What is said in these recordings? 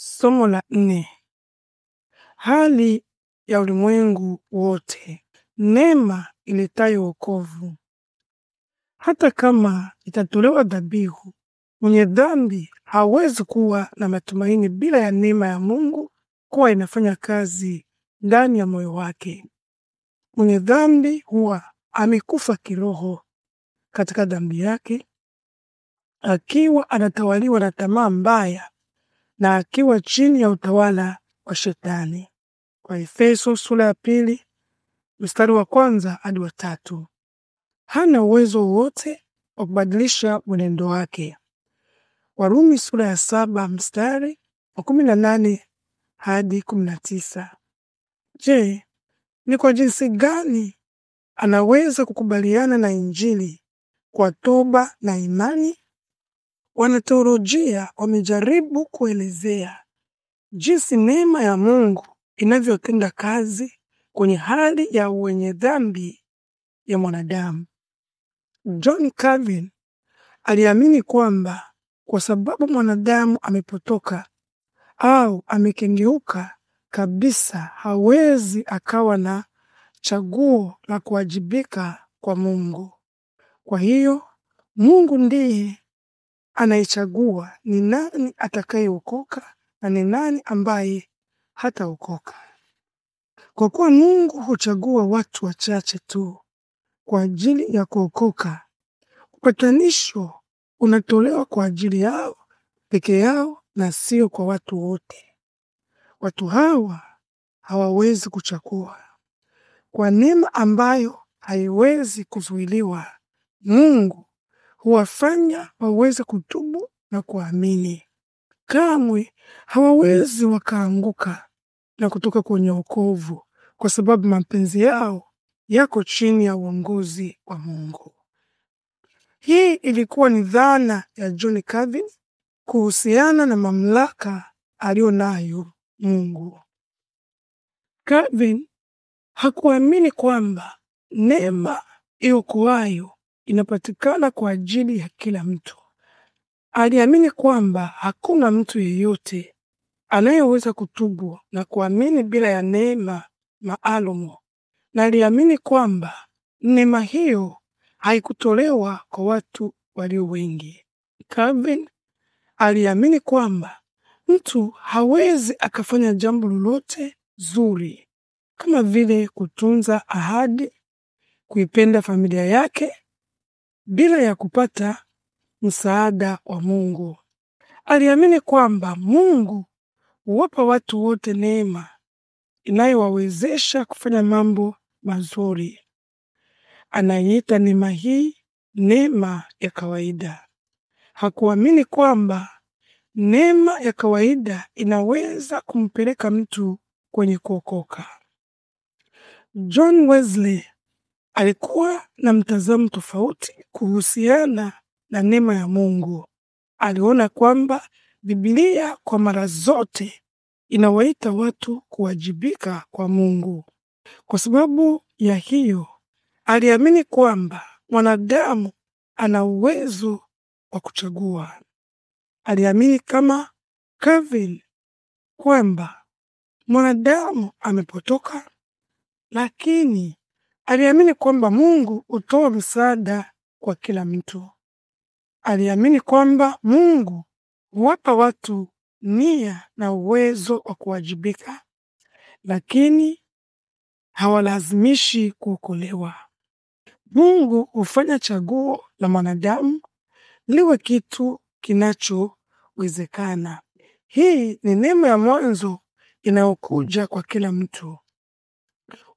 Somo la nne: hali ya ulimwengu wote, neema iletayo wokovu. Hata kama itatolewa dhabihu, mwenye dhambi hawezi kuwa na matumaini bila ya neema ya Mungu kuwa inafanya kazi ndani ya moyo wake. Mwenye dhambi huwa amekufa kiroho katika dhambi yake, akiwa anatawaliwa na tamaa mbaya na akiwa chini ya utawala wa Shetani. Kwa Efeso sura ya pili mstari wa kwanza hadi wa tatu. Hana uwezo wowote wa kubadilisha mwenendo wake. Warumi sura ya saba mstari wa kumi na nane hadi kumi na tisa. Je, ni kwa jinsi gani anaweza kukubaliana na Injili kwa toba na imani? Wanateolojia wamejaribu kuelezea jinsi neema ya Mungu inavyotenda kazi kwenye hali ya wenye dhambi ya mwanadamu. John Calvin aliamini kwamba kwa sababu mwanadamu amepotoka au amekengeuka kabisa, hawezi akawa na chaguo la kuwajibika kwa Mungu. Kwa hiyo Mungu ndiye anayechagua ni nani atakayeokoka na ni nani ambaye hataokoka. Kwa kuwa Mungu huchagua watu wachache tu kwa ajili ya kuokoka, upatanisho unatolewa kwa ajili yao peke yao na sio kwa watu wote. Watu hawa hawawezi kuchagua. Kwa neema ambayo haiwezi kuzuiliwa, Mungu huwafanya waweze kutubu na kuamini. Kamwe hawawezi wakaanguka na kutoka kwenye wokovu, kwa sababu mapenzi yao yako chini ya uongozi wa Mungu. Hii ilikuwa ni dhana ya John Calvin kuhusiana na mamlaka aliyo nayo Mungu. Calvin hakuamini kwamba neema iokoayo inapatikana kwa ajili ya kila mtu. Aliamini kwamba hakuna mtu yeyote anayeweza kutubu na kuamini bila ya neema maalumu, na aliamini kwamba neema hiyo haikutolewa kwa watu walio wengi. Calvin aliamini kwamba mtu hawezi akafanya jambo lolote zuri kama vile kutunza ahadi, kuipenda familia yake bila ya kupata msaada wa Mungu. Aliamini kwamba Mungu huwapa watu wote neema inayowawezesha kufanya mambo mazuri. Anaiita neema hii neema ya kawaida. Hakuamini kwamba neema ya kawaida inaweza kumpeleka mtu kwenye kuokoka. John Wesley alikuwa na mtazamo tofauti kuhusiana na neema ya Mungu. Aliona kwamba Biblia kwa mara zote inawaita watu kuwajibika kwa Mungu. Kwa sababu ya hiyo, aliamini kwamba mwanadamu ana uwezo wa kuchagua. Aliamini kama Calvin kwamba mwanadamu amepotoka, lakini Aliamini kwamba Mungu hutoa msaada kwa kila mtu. Aliamini kwamba Mungu huwapa watu nia na uwezo wa kuwajibika, lakini hawalazimishi kuokolewa. Mungu hufanya chaguo la mwanadamu liwe kitu kinachowezekana. Hii ni neema ya mwanzo inayokuja kwa kila mtu.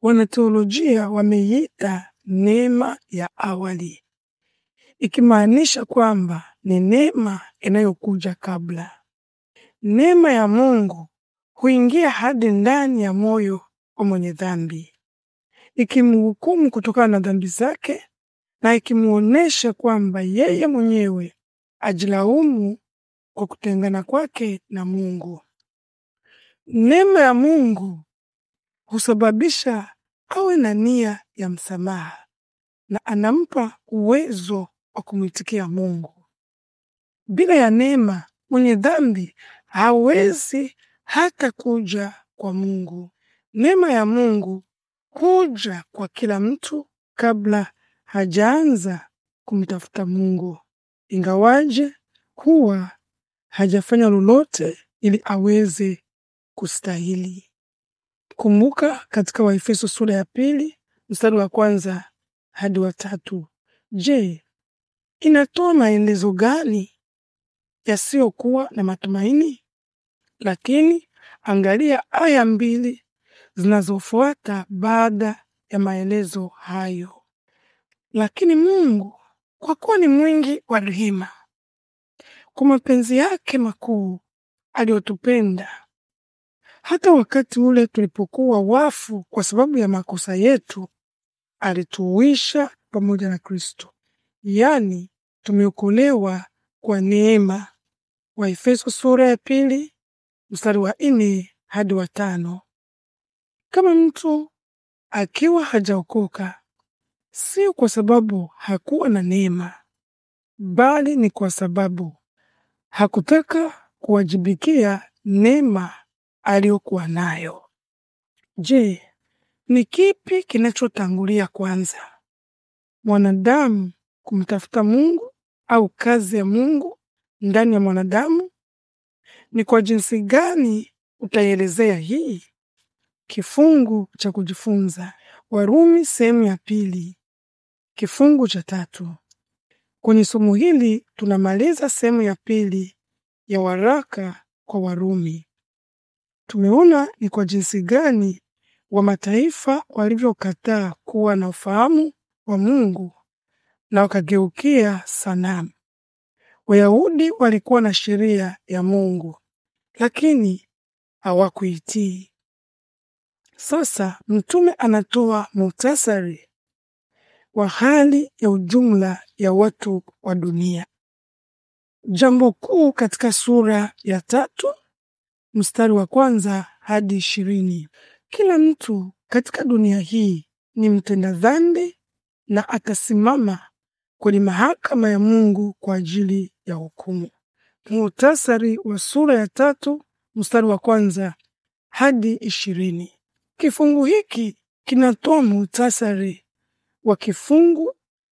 Wanateolojia wameiita neema ya awali, ikimaanisha kwamba ni neema inayokuja kabla. Neema ya Mungu huingia hadi ndani ya moyo wa mwenye dhambi, ikimhukumu kutokana na dhambi zake na ikimwonyesha kwamba yeye mwenyewe ajilaumu kwa kutengana kwake na Mungu. Neema ya Mungu husababisha awe na nia ya msamaha na anampa uwezo wa kumwitikia Mungu. Bila ya neema, mwenye dhambi hawezi hata kuja kwa Mungu. Neema ya Mungu huja kwa kila mtu kabla hajaanza kumtafuta Mungu, ingawaje huwa hajafanya lolote ili aweze kustahili. Kumbuka katika Waefeso sura ya pili mstari wa kwanza hadi wa tatu. Je, inatoa maelezo gani yasiyokuwa na matumaini? Lakini angalia aya mbili zinazofuata baada ya maelezo hayo. Lakini Mungu kwa kuwa ni mwingi wa rehema, kwa mapenzi yake makuu aliyotupenda hata wakati ule tulipokuwa wafu kwa sababu ya makosa yetu, alituuisha pamoja na Kristo, yaani tumeokolewa kwa neema. Waefeso sura ya pili mstari wa nne hadi wa tano. Kama mtu akiwa hajaokoka, sio kwa sababu hakuwa na neema, bali ni kwa sababu hakutaka kuwajibikia neema aliyokuwa nayo. Je, ni kipi kinachotangulia kwanza, mwanadamu kumtafuta Mungu au kazi ya Mungu ndani ya mwanadamu? Ni kwa jinsi gani utaielezea hii? Kifungu cha kujifunza, Warumi sehemu ya pili, kifungu cha tatu. Kwenye somo hili tunamaliza sehemu ya pili ya waraka kwa Warumi. Tumeona ni kwa jinsi gani wa mataifa walivyokataa kuwa na ufahamu wa Mungu na wakageukia sanamu. Wayahudi walikuwa na sheria ya Mungu lakini hawakuitii. Sasa mtume anatoa muhtasari wa hali ya ujumla ya watu wa dunia. Jambo kuu katika sura ya tatu mstari wa kwanza hadi ishirini. Kila mtu katika dunia hii ni mtenda dhambi na atasimama kwenye mahakama ya Mungu kwa ajili ya hukumu. Muhtasari wa sura ya tatu mstari wa kwanza hadi ishirini. Kifungu hiki kinatoa muhtasari wa kifungu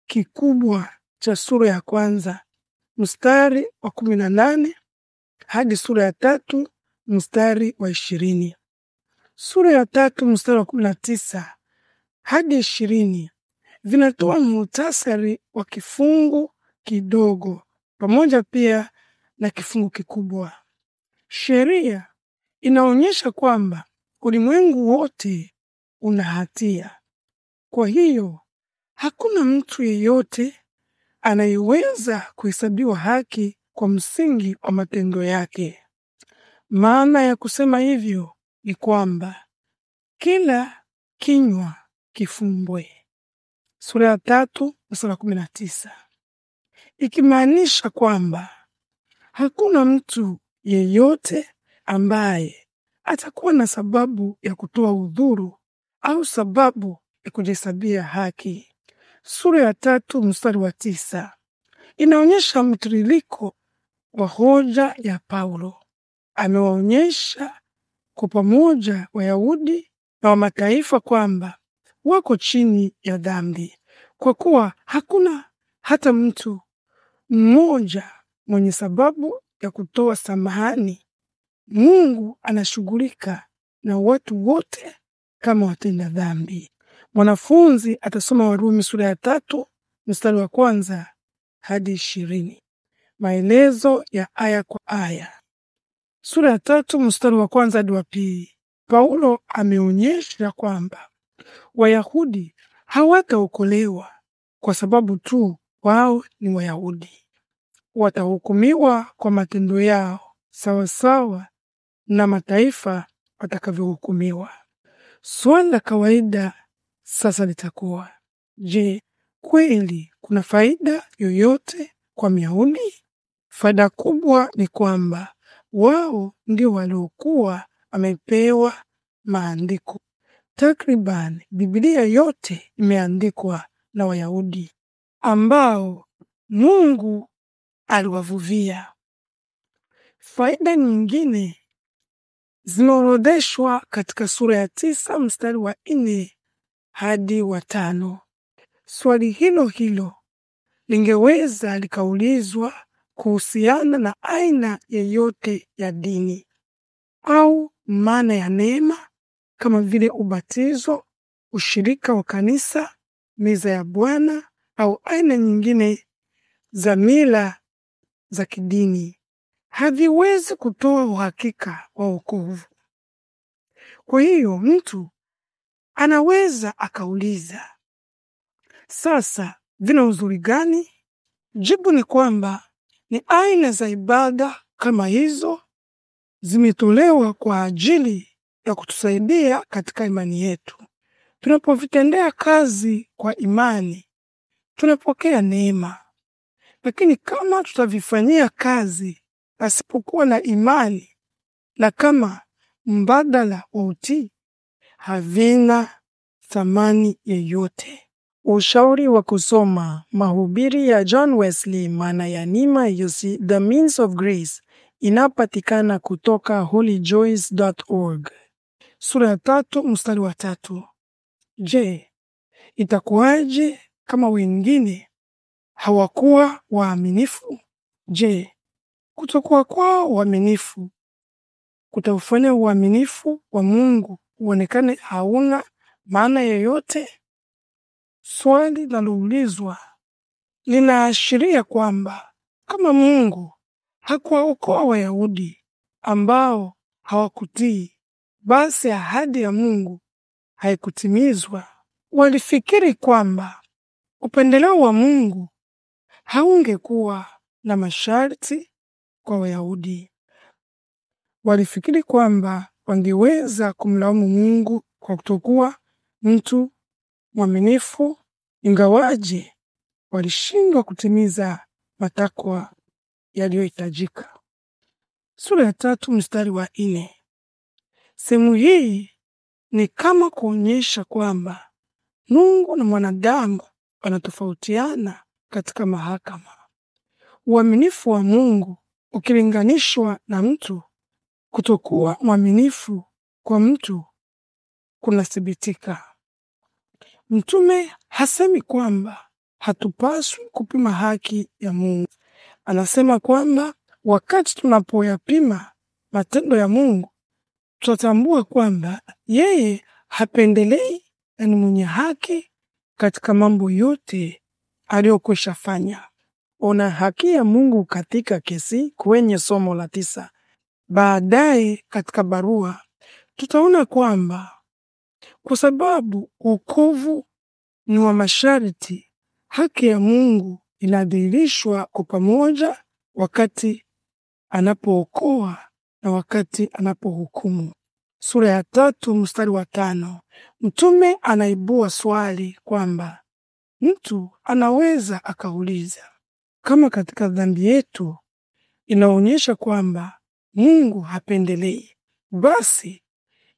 kikubwa cha sura ya kwanza mstari wa kumi na nane hadi sura ya tatu mstari wa ishirini. Sura ya tatu mstari wa kumi na tisa hadi ishirini vinatoa muhtasari wa kifungu kidogo pamoja pia na kifungu kikubwa. Sheria inaonyesha kwamba ulimwengu wote una hatia. Kwa hiyo hakuna mtu yeyote anayeweza kuhesabiwa haki kwa msingi wa matendo yake. Maana ya kusema hivyo ni kwamba kila kinywa kifumbwe, sura ya tatu sura kumi na tisa, ikimaanisha kwamba hakuna mtu yeyote ambaye atakuwa na sababu ya kutoa udhuru au sababu ya kujihesabia haki. Sura ya tatu mstari wa tisa inaonyesha mtiririko wa hoja ya Paulo amewaonyesha kwa pamoja Wayahudi na wa mataifa kwamba wako chini ya dhambi, kwa kuwa hakuna hata mtu mmoja mwenye sababu ya kutoa samahani. Mungu anashughulika na watu wote kama watenda dhambi. Mwanafunzi atasoma Warumi sura ya tatu mstari wa kwanza hadi ishirini maelezo ya aya kwa aya sura ya tatu mstari wa kwanza hadi wa pili. Paulo ameonyesha kwamba Wayahudi hawataokolewa kwa sababu tu wao ni Wayahudi, watahukumiwa kwa matendo yao sawasawa na mataifa watakavyohukumiwa. Swali la kawaida sasa litakuwa je, kweli kuna faida yoyote kwa Myahudi? Faida kubwa ni kwamba wao ndio waliokuwa wamepewa maandiko. Takriban Biblia yote imeandikwa na Wayahudi ambao Mungu aliwavuvia. Faida nyingine zimeorodheshwa katika sura ya tisa mstari wa nne hadi wa tano. Swali hilo hilo lingeweza likaulizwa kuhusiana na aina yeyote ya dini au maana ya neema kama vile ubatizo, ushirika wa kanisa, meza ya Bwana au aina nyingine za mila za kidini haviwezi kutoa uhakika wa wokovu. Kwa hiyo mtu anaweza akauliza, sasa vina uzuri gani? Jibu ni kwamba ni aina za ibada kama hizo zimetolewa kwa ajili ya kutusaidia katika imani yetu. Tunapovitendea kazi kwa imani, tunapokea neema. Lakini kama tutavifanyia kazi pasipokuwa na imani na kama mbadala wa utii, havina thamani yeyote. Ushauri wa kusoma mahubiri ya John Wesley, maana ya nima Yusi, the means of grace, inapatikana kutoka holyjoys.org. Sura ya tatu mstari wa tatu. Je, itakuwaje kama wengine hawakuwa waaminifu? Je, kutokuwa kwao waaminifu kutaufanya uaminifu wa Mungu uonekane hauna maana yoyote? Swali linaloulizwa linaashiria kwamba kama Mungu hakuwaokoa Wayahudi ambao hawakutii, basi ahadi ya Mungu haikutimizwa. Walifikiri kwamba upendeleo wa Mungu haungekuwa na masharti kwa Wayahudi. Walifikiri kwamba wangeweza kumlaumu Mungu kwa kutokuwa mtu mwaminifu, ingawaje walishindwa kutimiza matakwa yaliyohitajika. Sura ya tatu mstari wa nne. Sehemu hii ni kama kuonyesha kwamba Mungu na mwanadamu wanatofautiana katika mahakama. Uaminifu wa Mungu ukilinganishwa na mtu, kutokuwa mwaminifu kwa mtu kunathibitika. Mtume hasemi kwamba hatupaswi kupima haki ya Mungu. Anasema kwamba wakati tunapoyapima matendo ya Mungu tutatambua kwamba yeye hapendelei na ni mwenye haki katika mambo yote aliyokwisha fanya. Ona haki ya Mungu katika kesi kwenye somo la tisa. Baadaye katika barua tutaona kwamba kwa sababu wokovu ni wa masharti, haki ya Mungu inadhihirishwa kwa pamoja wakati anapookoa na wakati anapohukumu. Sura ya tatu mstari wa tano. Mtume anaibua swali kwamba mtu anaweza akauliza kama katika dhambi yetu inaonyesha kwamba Mungu hapendelei, basi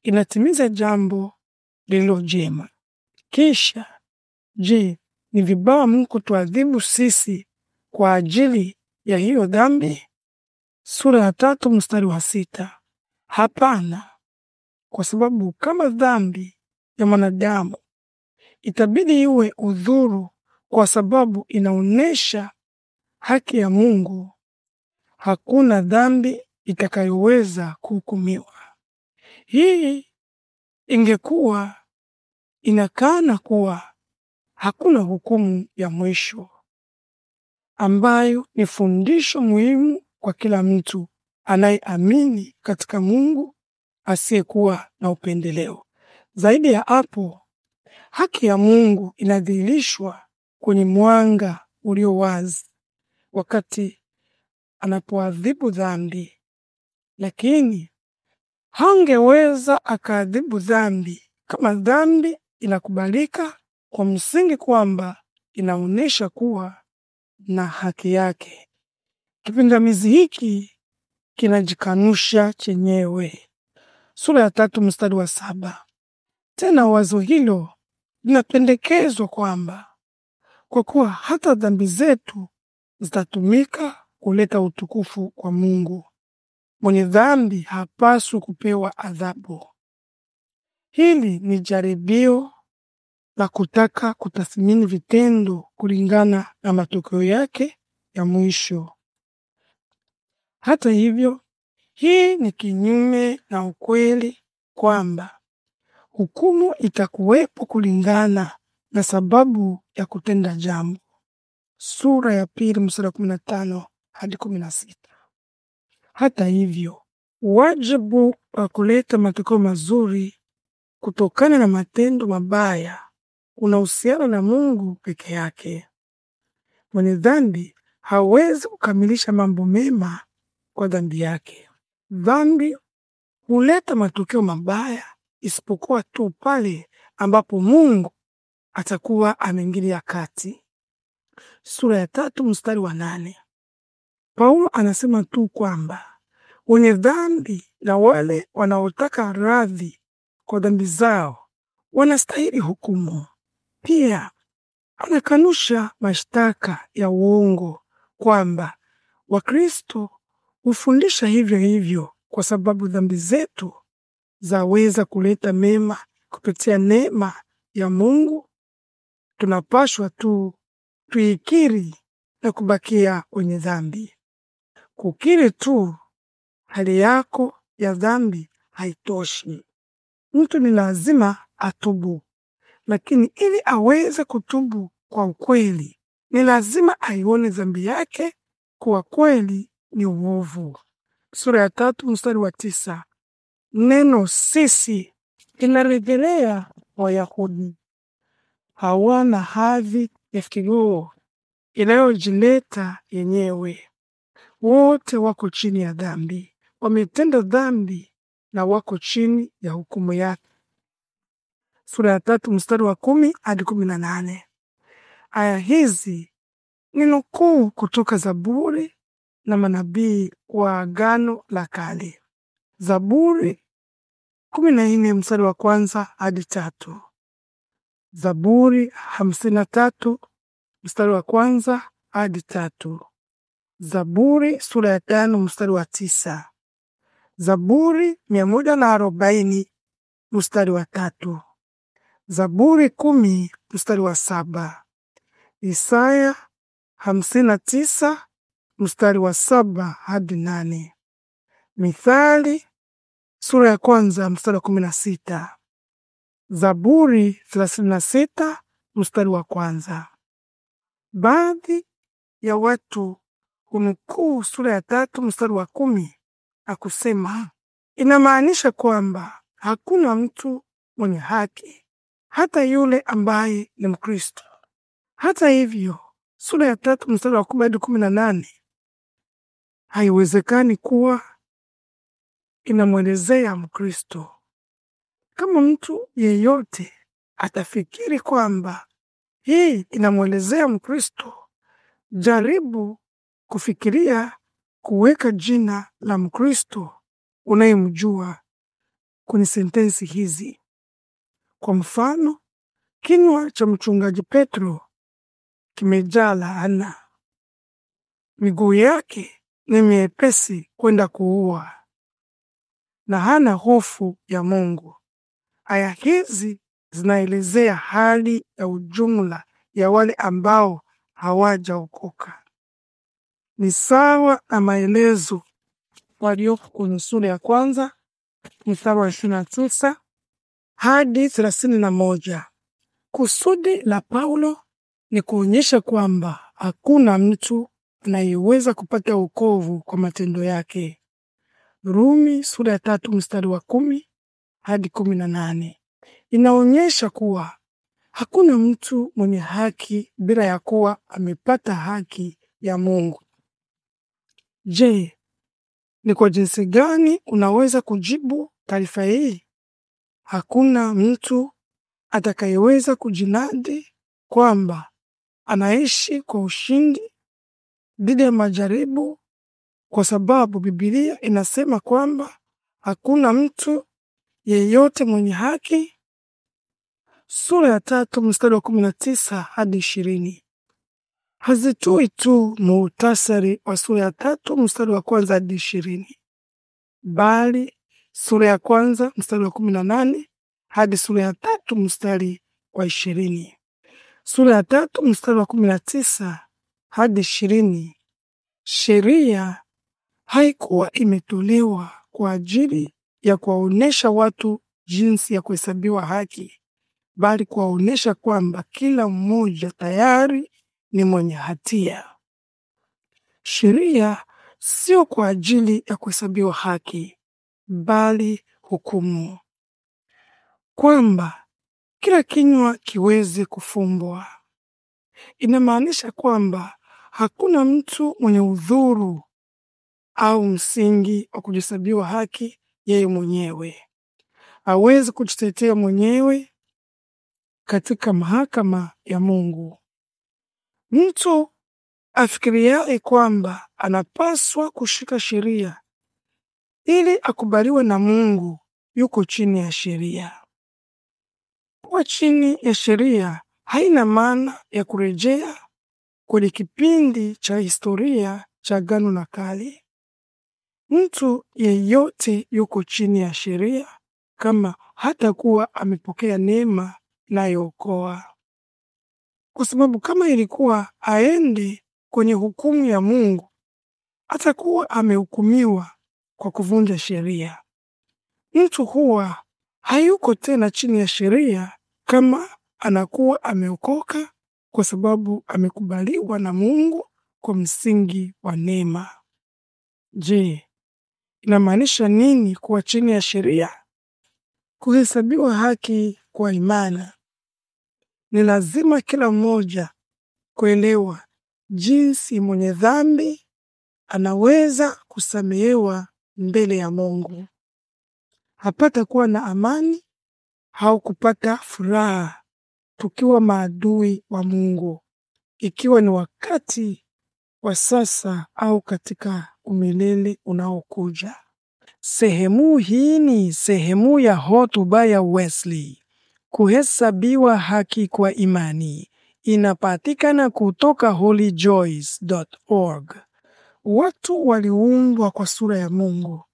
inatimiza jambo lililo jema. Kisha je, ni vibaya Mungu kutuadhibu sisi kwa ajili ya hiyo dhambi? Sura ya tatu mstari wa sita. Hapana, kwa sababu kama dhambi ya mwanadamu itabidi iwe udhuru kwa sababu inaonesha haki ya Mungu, hakuna dhambi itakayoweza kuhukumiwa. Hii ingekuwa inakana kuwa hakuna hukumu ya mwisho ambayo ni fundisho muhimu kwa kila mtu anayeamini katika Mungu asiyekuwa na upendeleo. Zaidi ya hapo, haki ya Mungu inadhihirishwa kwenye mwanga ulio wazi wakati anapoadhibu dhambi, lakini hangeweza akaadhibu dhambi kama dhambi inakubalika kwa msingi kwamba inaonyesha kuwa na haki yake. Kipingamizi hiki kinajikanusha chenyewe. Sura ya tatu mstari wa saba. Tena wazo hilo linapendekezwa kwamba kwa kuwa hata dhambi zetu zitatumika kuleta utukufu kwa Mungu. Mwenye dhambi hapaswi kupewa adhabu. Hili ni jaribio la kutaka kutathmini vitendo kulingana na matokeo yake ya mwisho. Hata hivyo, hii ni kinyume na ukweli kwamba hukumu itakuwepo kulingana na sababu ya kutenda jambo. Sura ya pili mstari wa 15 hadi 16. Hata hivyo, wajibu wa kuleta matokeo mazuri kutokana na matendo mabaya unahusiana na Mungu peke yake. Mwenye dhambi hawezi kukamilisha mambo mema kwa dhambi yake. Dhambi huleta matokeo mabaya isipokuwa tu pale ambapo Mungu atakuwa ameingilia kati. Sura ya tatu mstari wa nane. Paulo anasema tu kwamba wenye dhambi na wale wanaotaka radhi kwa dhambi zao wanastahili hukumu. Pia anakanusha mashtaka ya uongo kwamba Wakristo hufundisha hivyo hivyo, kwa sababu dhambi zetu zaweza kuleta mema kupitia neema ya Mungu. Tunapashwa tu tuikiri na kubakia kwenye dhambi. Kukiri tu hali yako ya dhambi haitoshi. Mtu ni lazima atubu, lakini ili aweze kutubu kwa ukweli, ni lazima aione dhambi yake kuwa kweli ni uovu. Sura ya tatu mstari wa tisa. Neno sisi linarejelea Wayahudi hawana hadhi ya kiroho inayojileta yenyewe wote wako chini ya dhambi, wametenda dhambi na wako chini ya hukumu yake. Sura ya tatu mstari wa kumi hadi kumi na nane. Aya hizi ni nukuu kutoka Zaburi na manabii wa Agano la Kale. Zaburi kumi na nne mstari wa kwanza hadi tatu. Zaburi hamsini na tatu mstari wa kwanza hadi tatu. Zaburi sura ya tano mstari wa tisa. Zaburi mia moja na arobaini mstari wa tatu. Zaburi kumi mstari wa saba. Isaya hamsini na tisa mstari wa saba hadi nane. Mithali sura ya kwanza mstari wa kumi na sita. Zaburi thelathini na sita mstari wa kwanza. Baadhi ya watu Kunukuu sura ya tatu mstari wa kumi na kusema, inamaanisha kwamba hakuna mtu mwenye haki hata yule ambaye ni Mkristo. Hata hivyo, sura ya tatu mstari wa kumi hadi kumi na nane haiwezekani kuwa inamwelezea Mkristo. Kama mtu yeyote atafikiri kwamba hii inamwelezea Mkristo, jaribu kufikiria kuweka jina la Mkristo unayemjua kwenye sentensi hizi. Kwa mfano, kinywa cha mchungaji Petro kimejaa laana, miguu yake ni miepesi kwenda kuua, na hana hofu ya Mungu. Aya hizi zinaelezea hali ya ujumla ya wale ambao hawajaokoka ni sawa na maelezo walioko kwenye sura ya kwanza mstari wa ishirini na tisa hadi thelathini na moja. Kusudi la Paulo ni kuonyesha kwamba hakuna mtu anayeweza kupata wokovu kwa matendo yake. Rumi sura ya tatu mstari wa kumi hadi kumi na nane inaonyesha kuwa hakuna mtu mwenye haki bila ya kuwa amepata haki ya Mungu. Je, ni kwa jinsi gani unaweza kujibu taarifa hii? Hakuna mtu atakayeweza kujinadi kwamba anaishi kwa ushindi dhidi ya majaribu kwa sababu Biblia inasema kwamba hakuna mtu yeyote mwenye haki, sura ya tatu mstari wa kumi na tisa hadi ishirini hazitoi tu muhtasari wa sura ya tatu mstari wa kwanza hadi ishirini bali sura ya kwanza mstari wa kumi na nane hadi sura ya tatu mstari wa ishirini sura ya tatu mstari wa kumi na tisa hadi ishirini sheria haikuwa imetolewa kwa ajili ya kuwaonyesha watu jinsi ya kuhesabiwa haki bali kuwaonyesha kwamba kila mmoja tayari ni mwenye hatia. Sheria sio kwa ajili ya kuhesabiwa haki, bali hukumu, kwamba kila kinywa kiweze kufumbwa. Inamaanisha kwamba hakuna mtu mwenye udhuru au msingi wa kujihesabiwa haki yeye mwenyewe. Hawezi kujitetea mwenyewe katika mahakama ya Mungu. Mtu afikiriaye kwamba anapaswa kushika sheria ili akubaliwe na Mungu yuko chini ya sheria. Kuwa chini ya sheria haina maana ya kurejea kwenye kipindi cha historia cha Agano la Kale. Mtu yeyote yuko chini ya sheria kama hatakuwa amepokea neema inayookoa kwa sababu kama ilikuwa aende kwenye hukumu ya Mungu, atakuwa amehukumiwa kwa kuvunja sheria. Mtu huwa hayuko tena chini ya sheria kama anakuwa ameokoka, kwa sababu amekubaliwa na Mungu kwa msingi wa neema. Je, inamaanisha nini kuwa chini ya sheria? Kuhesabiwa haki kwa imani. Ni lazima kila mmoja kuelewa jinsi mwenye dhambi anaweza kusamehewa mbele ya Mungu. Hapata kuwa na amani au kupata furaha tukiwa maadui wa Mungu, ikiwa ni wakati wa sasa au katika umilele unaokuja. Sehemu hii ni sehemu ya hotuba ya Wesley kuhesabiwa haki kwa imani inapatikana kutoka holyjoyce.org. Watu waliumbwa kwa sura ya Mungu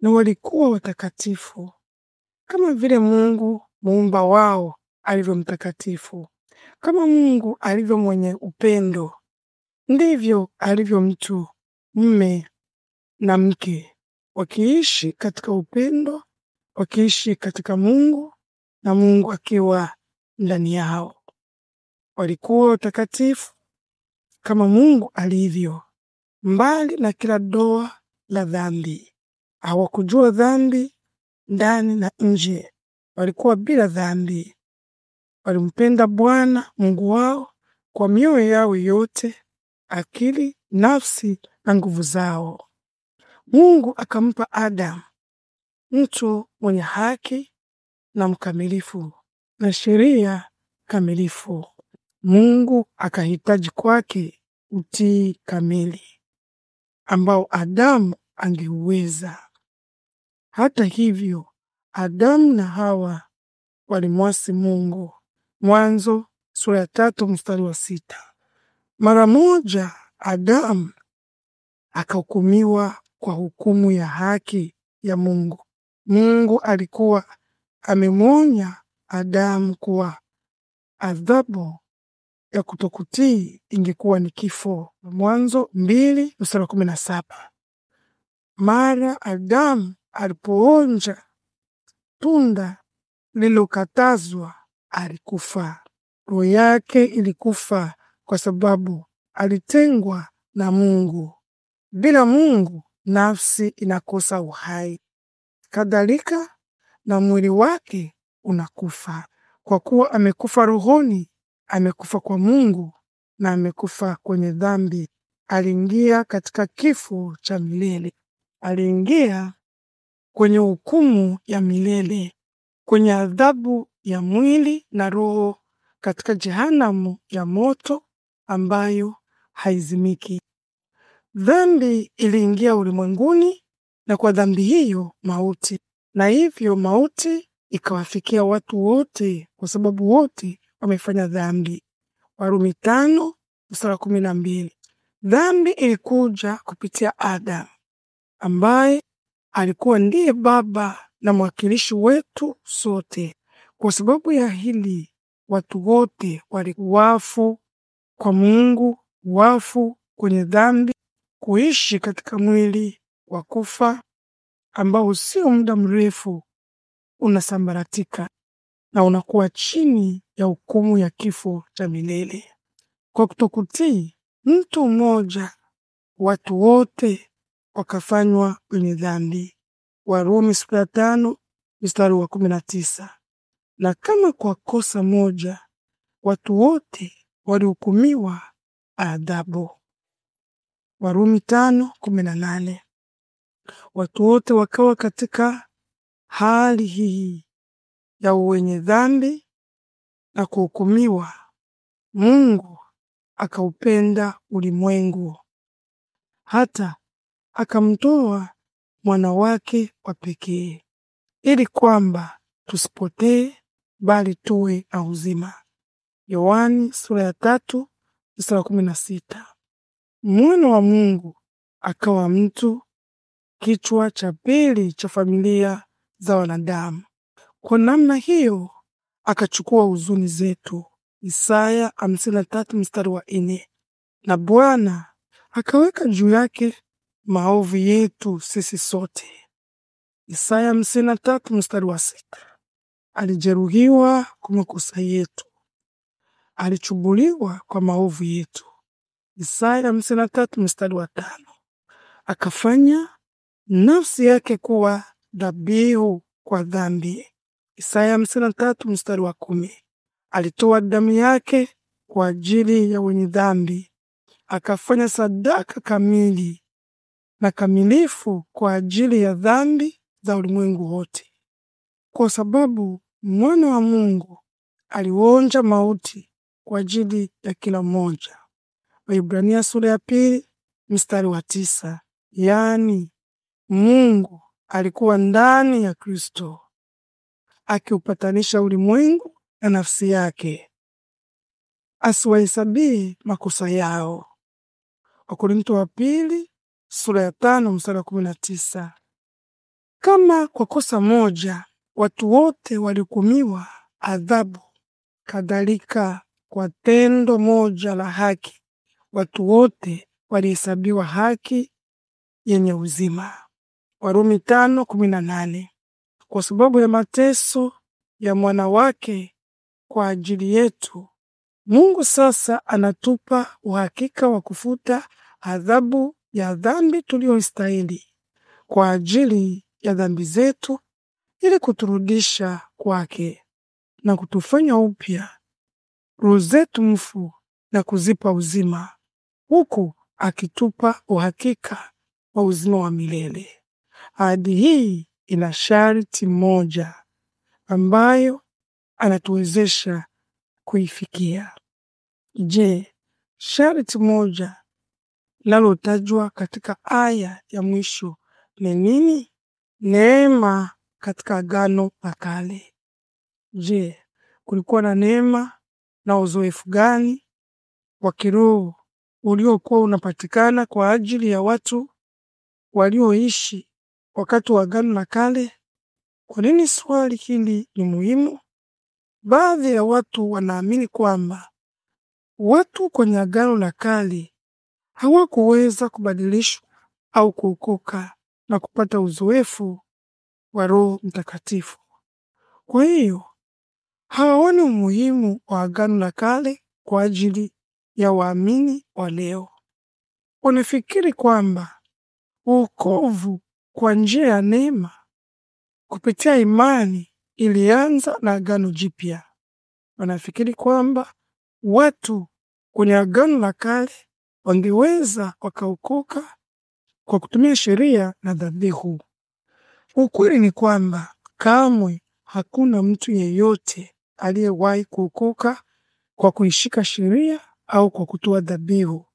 na walikuwa watakatifu kama vile Mungu muumba wao alivyo mtakatifu. Kama Mungu alivyo mwenye upendo, ndivyo alivyo mtu mme na mke, wakiishi katika upendo, wakiishi katika Mungu na Mungu akiwa ndani yao. Walikuwa watakatifu kama Mungu alivyo, mbali na kila doa la dhambi. Hawakujua dhambi ndani na nje, walikuwa bila dhambi. Walimpenda Bwana Mungu wao kwa mioyo yao yote, akili, nafsi na nguvu zao. Mungu akampa Adamu mtu mwenye haki na mkamilifu na sheria kamilifu. Mungu akahitaji kwake utii kamili ambao Adamu angeuweza. Hata hivyo, Adamu na Hawa walimwasi Mungu. Mwanzo sura ya tatu mstari wa sita. Mara moja Adamu akahukumiwa kwa hukumu ya haki ya Mungu. Mungu alikuwa amemwonya Adamu kuwa adhabu ya kutokutii ingekuwa ni kifo. Mwanzo mbili mstari wa kumi na saba. Mara Adamu alipoonja tunda lilokatazwa alikufa. Roho yake ilikufa kwa sababu alitengwa na Mungu. Bila Mungu nafsi inakosa uhai. Kadhalika na mwili wake unakufa, kwa kuwa amekufa rohoni, amekufa kwa Mungu na amekufa kwenye dhambi. Aliingia katika kifo cha milele, aliingia kwenye hukumu ya milele, kwenye adhabu ya mwili na roho, katika jehanamu ya moto ambayo haizimiki. Dhambi iliingia ulimwenguni na kwa dhambi hiyo mauti na hivyo mauti ikawafikia watu wote, kwa sababu wote wamefanya dhambi. Warumi tano mstari kumi na mbili. Dhambi ilikuja kupitia Adamu ambaye alikuwa ndiye baba na mwakilishi wetu sote. Kwa sababu ya hili, watu wote waliwafu kwa Mungu, wafu kwenye dhambi, kuishi katika mwili wa kufa ambao sio muda mrefu unasambaratika na unakuwa chini ya hukumu ya kifo cha milele. Kwa kutokutii mtu mmoja, watu wote wakafanywa wenye dhambi. Warumi sura ya tano mstari wa kumi na tisa. Na kama kwa kosa moja watu wote walihukumiwa adhabu. Warumi tano kumi na nane. Watu wote wakawa katika hali hii ya wenye dhambi na kuhukumiwa. Mungu akaupenda ulimwengu hata akamtoa mwana wake wa pekee, ili kwamba tusipotee bali tuwe na uzima. Yohani sura ya tatu mstari wa kumi na sita. Mwana wa Mungu akawa mtu kichwa cha pili cha familia za wanadamu. Kwa namna hiyo akachukua huzuni zetu, Isaya 53 mstari wa nne. Na Bwana akaweka juu yake maovu yetu sisi sote, Isaya 53 mstari wa sita. Alijeruhiwa kwa makosa yetu, alichubuliwa kwa maovu yetu, Isaya 53 mstari wa tano. Akafanya nafsi yake kuwa dhabihu kwa dhambi. Isaya 53 mstari wa kumi. Alitoa damu yake kwa ajili ya wenye dhambi, akafanya sadaka kamili na kamilifu kwa ajili ya dhambi za ulimwengu wote. Kwa sababu mwana wa Mungu aliwonja mauti kwa ajili ya kila mmoja. Waibrania sura ya pili mstari wa tisa. Yani, Mungu alikuwa ndani ya Kristo akiupatanisha ulimwengu na nafsi yake, asiwahesabii makosa yao. Wakorintho wa pili sura ya tano mstari wa kumi na tisa. Kama kwa kosa moja watu wote walihukumiwa adhabu, kadhalika kwa tendo moja la haki watu wote walihesabiwa haki yenye uzima. Warumi tano kumi na nane. Kwa sababu ya mateso ya mwana wake kwa ajili yetu, Mungu sasa anatupa uhakika wa kufuta adhabu ya dhambi tuliyoistahili kwa ajili ya dhambi zetu ili kuturudisha kwake na kutufanya upya roho zetu mfu na kuzipa uzima, huku akitupa uhakika wa uzima wa milele. Ahadi hii ina sharti moja ambayo anatuwezesha kuifikia. Je, sharti moja linalotajwa katika aya ya mwisho ni nini? Neema katika Agano la Kale. Je, kulikuwa na neema na uzoefu gani wa kiroho uliokuwa unapatikana kwa ajili ya watu walioishi wakati wa Agano la Kale. Kwa nini swali hili ni muhimu? Baadhi ya watu wanaamini kwamba watu kwenye Agano la Kale hawakuweza kubadilishwa au kuokoka na kupata uzoefu wa Roho Mtakatifu. Kwa hiyo hawaoni umuhimu wa Agano la Kale kwa ajili ya waamini wa leo. Wanafikiri kwamba wokovu kwa njia ya neema kupitia imani ilianza na Agano Jipya. Wanafikiri kwamba watu kwenye Agano la Kale wangeweza wakaokoka kwa kutumia sheria na dhabihu. Ukweli ni kwamba kamwe hakuna mtu yeyote aliyewahi kuokoka kwa kuishika sheria au kwa kutoa dhabihu.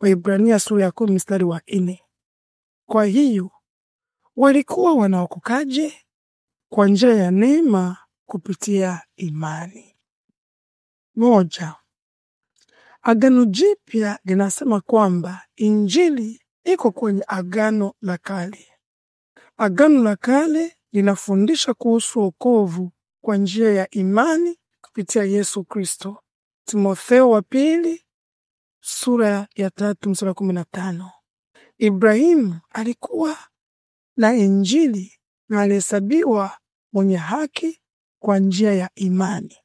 Waibrania sura ya kumi mstari wa nne. Kwa hiyo walikuwa wanaokokaje? Kwa njia ya neema kupitia imani. Moja. Agano Jipya linasema kwamba injili iko kwenye Agano la Kale. Agano la Kale linafundisha kuhusu wokovu kwa njia ya imani kupitia Yesu Kristo. Timotheo wa pili sura ya tatu mstari kumi na tano. Ibrahimu alikuwa na Injili na alihesabiwa mwenye haki kwa njia ya imani.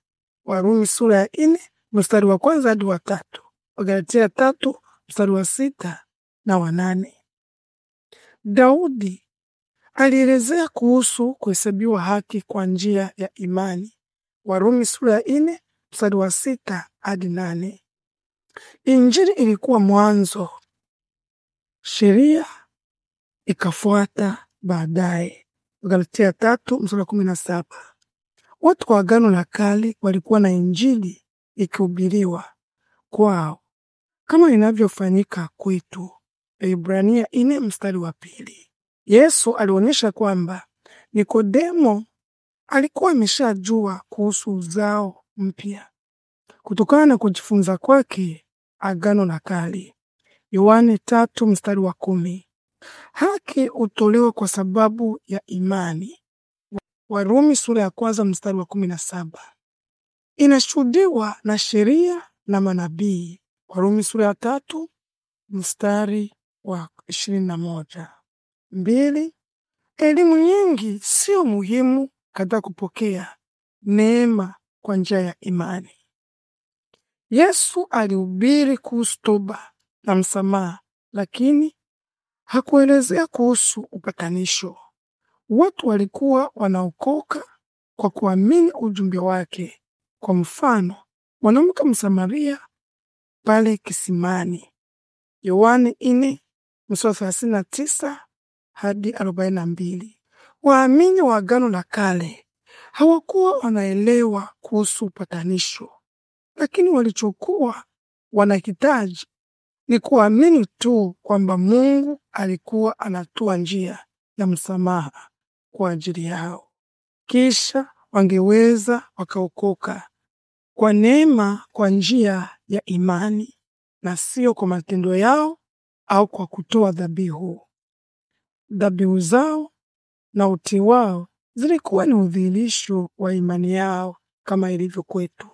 Warumi sura ya nne mstari wa kwanza hadi wa tatu, Wagalatia tatu mstari wa sita na wanane. Daudi alielezea kuhusu kuhesabiwa haki kwa njia ya imani. Warumi sura ya nne mstari wa sita hadi nane. Injili ilikuwa mwanzo, sheria ikafuata baadaye Galatia tatu mstari kumi na saba. Watu wa Agano la Kale walikuwa na Injili ikihubiriwa kwao kama inavyofanyika kwetu. Ibrania ine mstari wa pili. Yesu alionyesha kwamba Nikodemo alikuwa ameshajua kuhusu uzao mpya kutokana na kujifunza kwake Agano la Kale. Yohane tatu mstari wa kumi. Haki hutolewa kwa sababu ya imani. Warumi sura ya kwanza mstari wa kumi na saba inashuhudiwa na sheria na manabii. Warumi sura ya tatu mstari wa ishirini na moja. Mbili, elimu nyingi sio muhimu katika kupokea neema kwa njia ya imani. Yesu alihubiri kuhusu toba na msamaha, lakini hakuelezea kuhusu upatanisho. Watu walikuwa wanaokoka kwa kuamini ujumbe wake. Kwa mfano, mwanamke Msamaria pale kisimani, Yohane mstari hadi Waamini wa Agano la Kale hawakuwa wanaelewa kuhusu upatanisho, lakini walichokuwa wanahitaji ni kuamini tu kwamba Mungu alikuwa anatoa njia ya msamaha kwa ajili yao, kisha wangeweza wakaokoka kwa neema kwa njia ya imani na sio kwa matendo yao au kwa kutoa dhabihu. Dhabihu zao na utii wao zilikuwa ni udhihirisho wa imani yao kama ilivyo kwetu.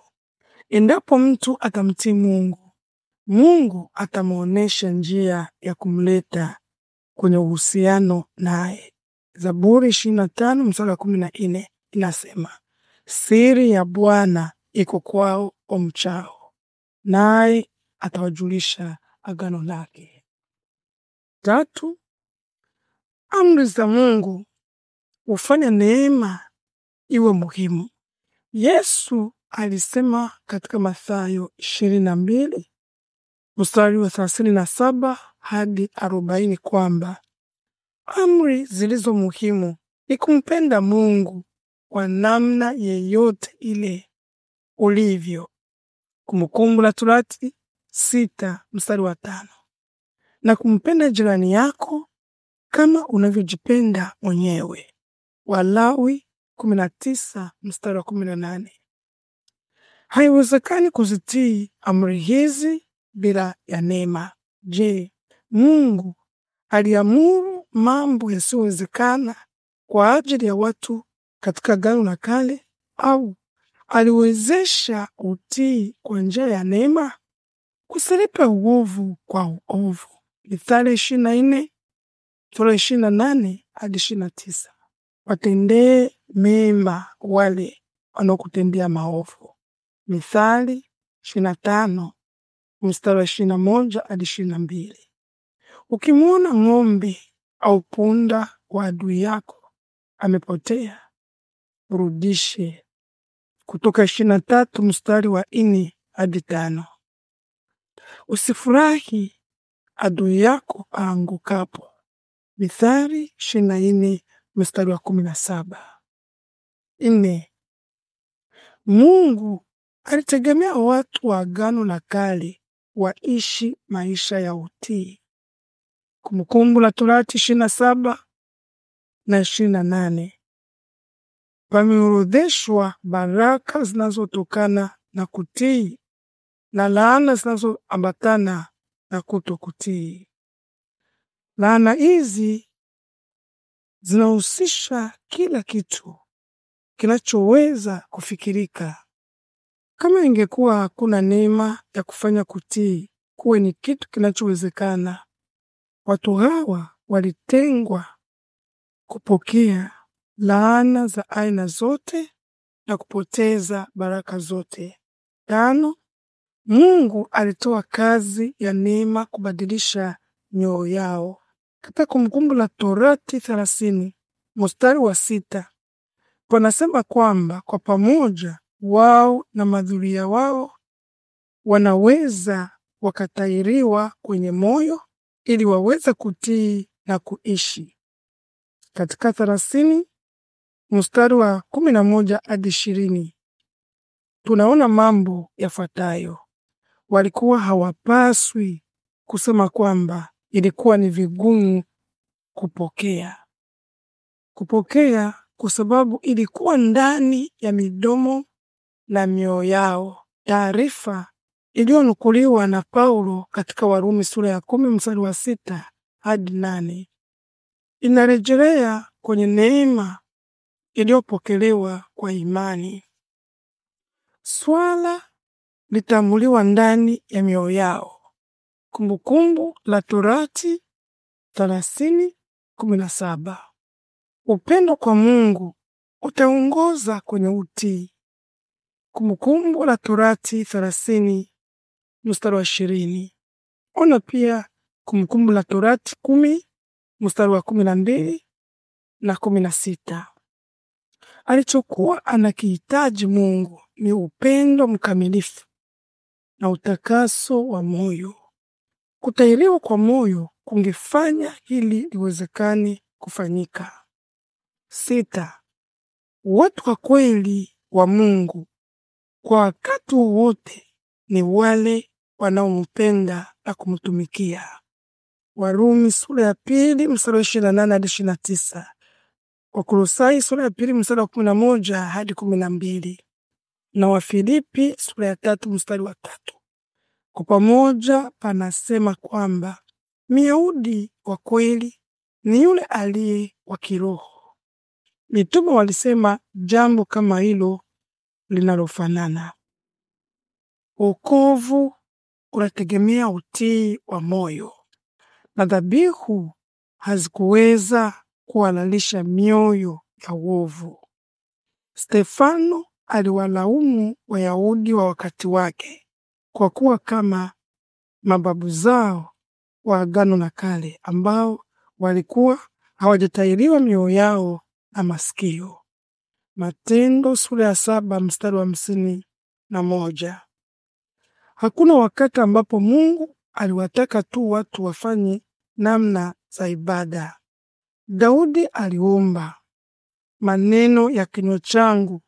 Endapo mtu atamtii Mungu Mungu atamwonyesha njia ya kumleta kwenye uhusiano naye. Zaburi 25 mstari wa 14 inasema, siri ya Bwana iko kwao omchao, naye atawajulisha agano lake. Tatu, amri za Mungu hufanya neema iwe muhimu. Yesu alisema katika Mathayo ishirini na mbili mstari wa thelathini na saba hadi arobaini kwamba amri zilizo muhimu ni kumpenda Mungu kwa namna yeyote ile ulivyo. Kumbukumbu la Torati sita mstari wa tano na kumpenda jirani yako kama unavyojipenda mwenyewe. Walawi kumi na tisa mstari wa kumi na nane. Haiwezekani kuzitii amri hizi bila ya neema. Je, Mungu aliamuru mambo yasiyowezekana kwa ajili ya watu katika Agano la Kale au aliwezesha utii kwa njia ya neema? Kusilipe uovu kwa uovu. Mithali ishirini na nne sura ishirini na nane hadi ishirini na tisa. Watendee mema wale wanaokutendea maovu. Mithali ishirini na tano mstari wa ishirini na moja hadi ishirini na mbili. Ukimwona ng'ombe au punda wa adui yako amepotea, urudishe Kutoka ishirini na tatu mstari wa ini hadi tano. Usifurahi adui yako aangukapo. Mithali ishirini na nne mstari wa kumi na saba. Ine, Mungu alitegemea watu wa Agano la Kale waishi maisha ya utii. Kumbukumbu la Torati ishirini na saba na ishirini na nane pameorodheshwa baraka zinazotokana na kutii na laana zinazoambatana na kutokutii. Laana hizi zinahusisha kila kitu kinachoweza kufikirika kama ingekuwa hakuna neema ya kufanya kutii kuwe ni kitu kinachowezekana, watu hawa walitengwa kupokea laana za aina zote na kupoteza baraka zote. Tano, Mungu alitoa kazi ya neema kubadilisha mioyo yao. Katika Kumbukumbu la Torati 30 mstari wa sita panasema kwamba kwa pamoja wao na madhuria wao wanaweza wakatairiwa kwenye moyo ili waweze kutii na kuishi. Katika thelathini mstari wa kumi na moja hadi ishirini tunaona mambo yafuatayo: walikuwa hawapaswi kusema kwamba ilikuwa ni vigumu kupokea kupokea, kwa sababu ilikuwa ndani ya midomo na mioyo yao. Taarifa iliyonukuliwa na Paulo katika Warumi sura ya kumi mstari wa sita hadi nane inarejelea kwenye neema iliyopokelewa kwa imani. Swala litamuliwa ndani ya mioyo yao. Kumbukumbu la Torati thelathini kumi na saba. Upendo kwa Mungu utaongoza kwenye utii. Kumbukumbu la Torati 30 mstari wa ishirini. Ona pia Kumbukumbu la Torati 10 mstari wa 12 na 16. na Alichokuwa anakihitaji Mungu ni upendo mkamilifu na utakaso wa moyo. Kutahiriwa kwa moyo kungefanya hili liwezekane kufanyika. Sita, watu wa kweli wa Mungu kwa wakati wowote ni wale wanaompenda na kumtumikia. Warumi sura ya pili mstari wa ishirini na nane hadi ishirini na tisa. Wakolosai sura ya pili mstari wa kumi na moja hadi kumi na mbili na Wafilipi sura ya tatu mstari wa tatu. Kwa pamoja panasema kwamba Myahudi wa kweli ni yule aliye wa kiroho. Mitume walisema jambo kama hilo linalofanana. Wokovu unategemea utii wa moyo, na dhabihu hazikuweza kuhalalisha mioyo ya uovu. Stefano aliwalaumu Wayahudi wa wakati wake kwa kuwa kama mababu zao wa Agano la Kale ambao walikuwa hawajatahiriwa mioyo yao na masikio. Matendo sura ya saba mstari wa hamsini na moja. Hakuna wakati ambapo Mungu aliwataka tu watu wafanye namna za ibada. Daudi aliomba, maneno ya kinywa changu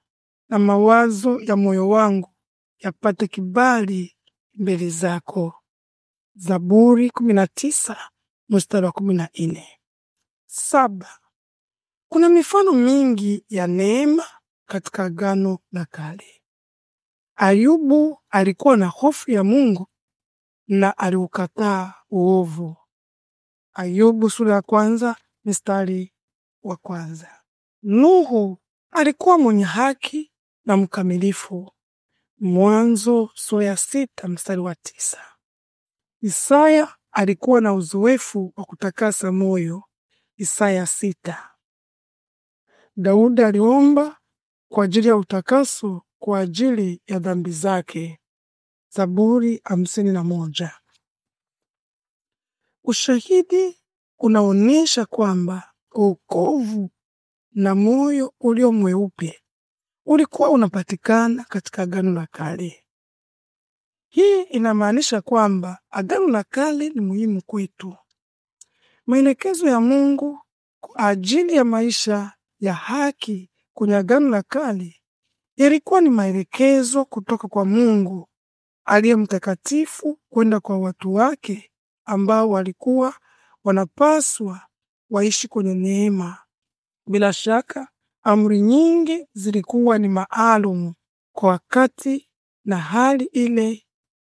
na mawazo ya moyo wangu yapate kibali mbele zako. Zaburi 19 mstari wa 14. Saba, kuna mifano mingi ya neema katika Agano la Kale. Ayubu alikuwa na hofu ya Mungu na aliukataa uovu. Ayubu sura ya kwanza mstari wa kwanza. Nuhu alikuwa mwenye haki na mkamilifu. Mwanzo sura ya sita mstari wa tisa. Isaya alikuwa na uzoefu wa kutakasa moyo. Isaya sita. Daudi aliomba kwa ajili ya utakaso kwa ajili ya dhambi zake. Zaburi hamsini na moja. Ushahidi unaonyesha kwamba wokovu na moyo ulio mweupe ulikuwa unapatikana katika Agano la Kale. Hii inamaanisha kwamba Agano la Kale ni muhimu kwetu. Maelekezo ya Mungu kwa ajili ya maisha ya haki kwenye Agano la Kale yalikuwa ni maelekezo kutoka kwa Mungu aliye mtakatifu kwenda kwa watu wake ambao walikuwa wanapaswa waishi kwenye neema. Bila shaka, amri nyingi zilikuwa ni maalum kwa wakati na hali ile,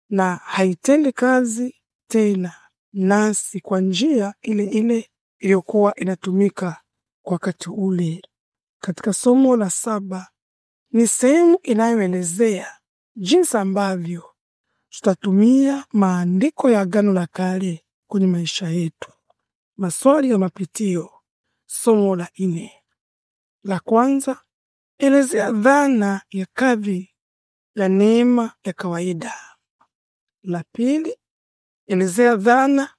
na haitendi kazi tena nasi kwa njia ile ile iliyokuwa inatumika kwa wakati ule. Katika somo la saba ni sehemu inayoelezea jinsi ambavyo tutatumia maandiko ya Agano la Kale kwenye maisha yetu. Maswali ya mapitio, somo la ine La kwanza, elezea dhana ya kavi ya neema ya kawaida. La pili, elezea dhana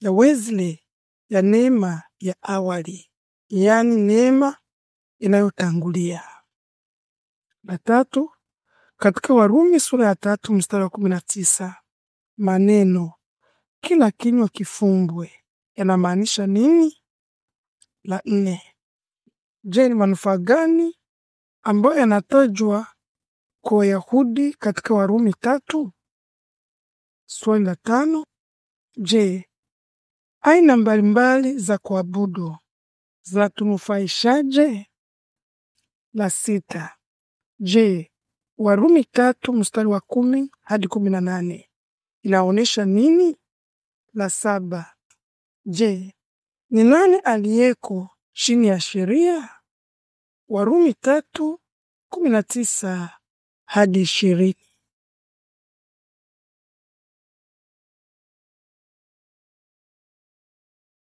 ya Wesley ya neema ya awali yani neema inayotangulia. Na tatu, katika Warumi sura ya tatu mstari wa kumi na tisa maneno kila kinywa kifumbwe yanamaanisha nini? La nne, je, ni manufaa gani ambayo yanatajwa kwa Wayahudi katika Warumi tatu? Swali la tano, je, aina mbalimbali za kuabudu za tunufaishaje? La sita. Je, Warumi tatu mstari wa kumi hadi kumi na nane inaonyesha nini? La saba. Je, ni nani aliyeko chini ya sheria? Warumi tatu kumi na tisa hadi ishirini.